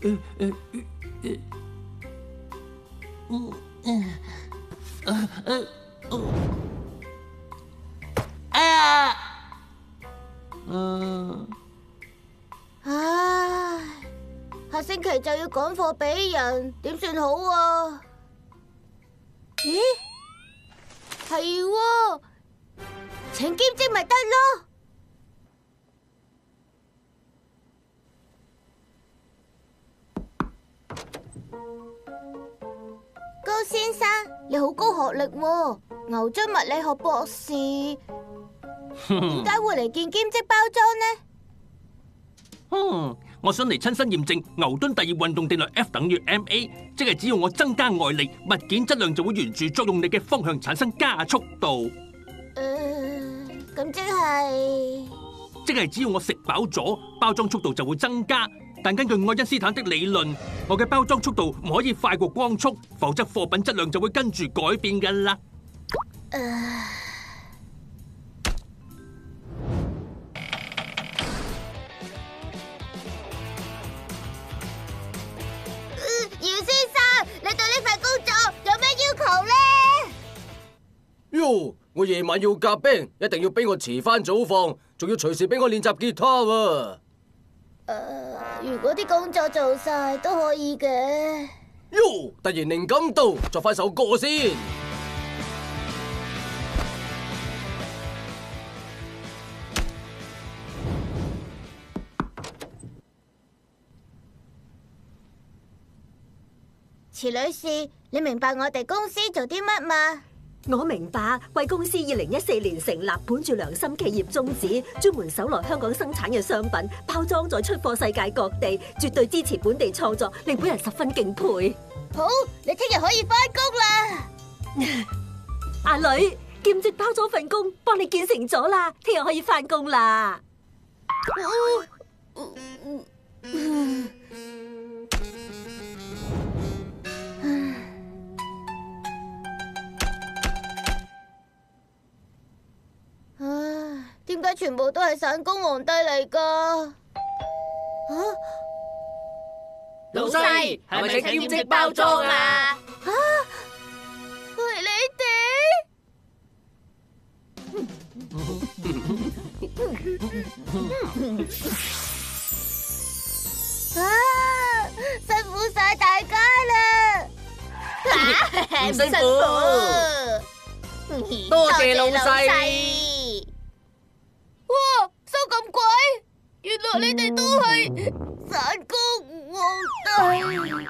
誒誒誒，嗯嗯，啊啊哦，嗯，下星期就要趕貨俾人，點算好啊？咦，係、啊，請兼職咪得咯？高先生，你好高學歷，牛津物理學博士，點解會嚟見兼職包裝呢？嗯，我想嚟親身驗證牛頓第二運動定律，F 等於 MA，即係只要我增加外力，物件質量就會沿住作用力嘅方向產生加速度。咁即係，即係只要我食飽咗，包裝速度就會增加。但根據愛因斯坦的理論，我嘅包裝速度唔可以快過光速，否則貨品質量就會跟住改變噶啦。Uh，姚先生，你對呢份工作有咩要求呢？喲，我夜晚要夾 band，一定要俾我遲翻早放，仲要隨時俾我練習吉他啊。Uh, 如果啲工作做晒都可以嘅。喲，突然靈感到，作翻首歌先。池女士，你明白我哋公司做啲乜嗎？我明白，貴公司二零一四年成立，本住良心企業宗旨，專門搜羅香港生產嘅商品，包裝再出貨世界各地，絕對支持本地創作，令本人十分敬佩。好，你聽日可以翻工啦。阿女，兼職包咗份工，幫你建成咗啦，聽日可以翻工啦。 全部都係散工皇帝嚟噶，啊！老細係咪要兼職包裝啊？吓，係你哋啊！辛苦晒大家啦，唔辛苦，多謝老細。你哋都係散工皇帝。